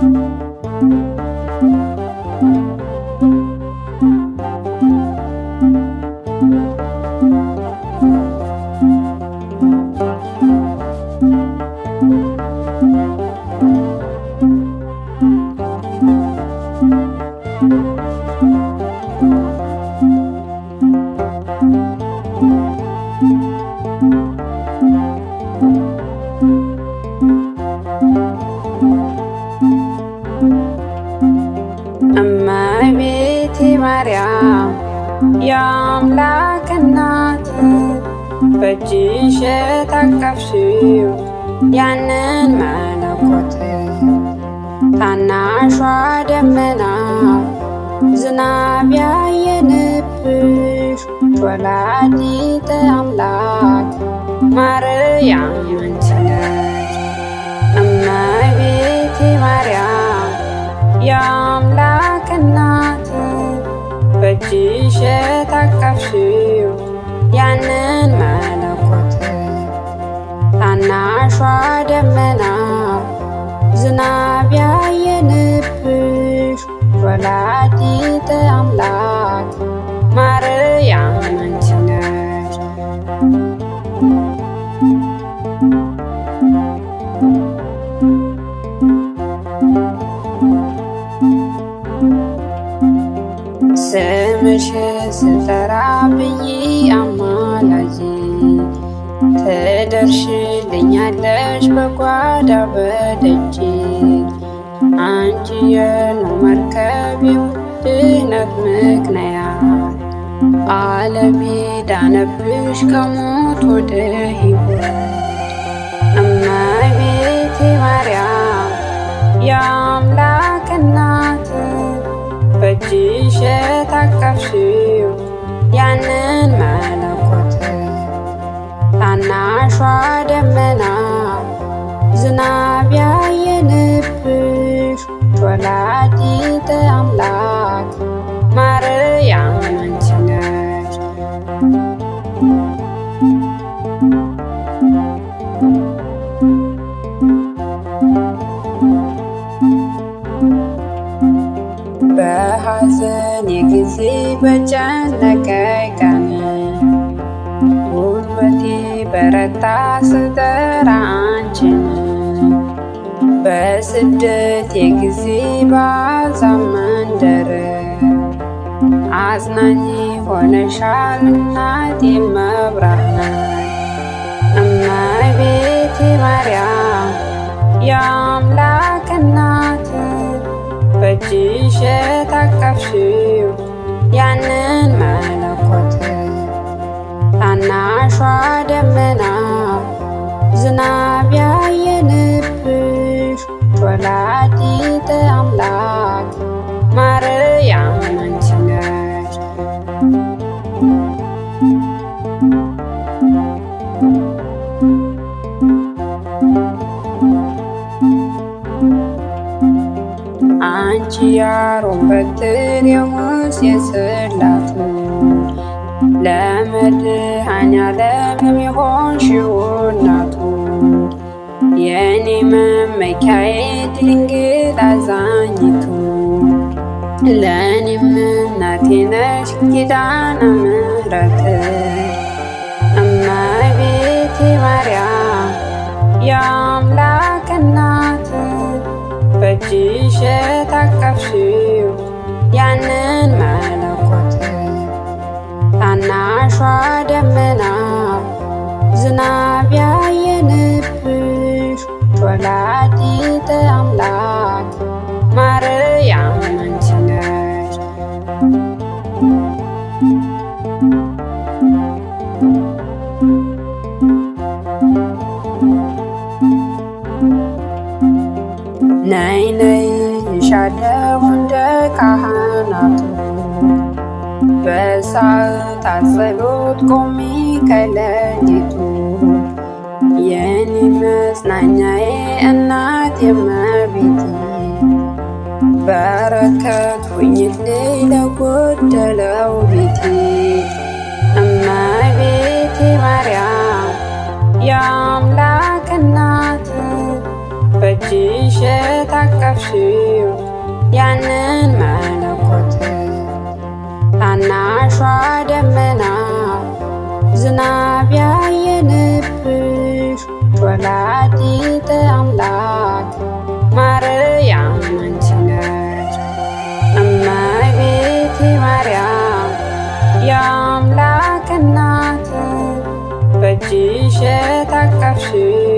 thank mm -hmm. you ማርያም የአምላክ እናት በእጅሽ ታቀፍሽው ያንን መለኮት ታናሿ ደመና ዝናብ ያየንብሽ ወላዲተ አምላክ ማርያም አንቺ በእጅሽ የታቀፍሽው ያንን መለኮት ታናሿ ስምሽ ስጠራ ብዬ አማላጅ ትደርሽልኛለሽ በጓዳ በደጅ አንቺ የነው መርከብ የውድነት ምክንያት ዓለም ዳነብሽ ከሞት ወደ ሕይወት እመቤቴ ማርያም የአምላክ እናት በእጅሽ ያለፍሽው ያንን መለኮት ታናሿ ደመና ዝና በእኔ ጊዜ በጨነቀኝ ቀን ጉልበቴ በረታ ስጠራ አንቺን በስደት የጊዜ ባዛ መንደር አጽናኝ ሆነሻል እናቴ መብራት እመቤቴ ማርያም ያ እጅሽ ታቀፍሽው ያንን ማለት አንቺ ያሮን በትር የሙሴ ጽላት ለመድኃኔዓለም የሆንሽው እናቱ የኔ መመኪያዬ ድንግል አዛኝቱ ለእኔም እናቴ ነሽ ኪዳነ ምሕረት በእጅሽ የታቀፍሽው ያንን መለኮት ታናሿ አልፍሻለሁ እንደ ካህናቱ በሰዓታት ጸሎት ቆሜ ከለሊቱ የኔ መጽናኛዬ እናት የመቤቴ በረከት ሁኝት ለጎደለው ቤቴ እመቤቴ ማርያም የአምላክ እናት በእጅሽ አቀፍሽው ያንን መለኮት ታናሿ ደመና ዝናብ ያየንብሽ ወላዲተ አምላክ ማርያም አንቺ ነሽ እመቤቴ ማርያም የአምላክ እናት በእጅሽ ታቀፍሽው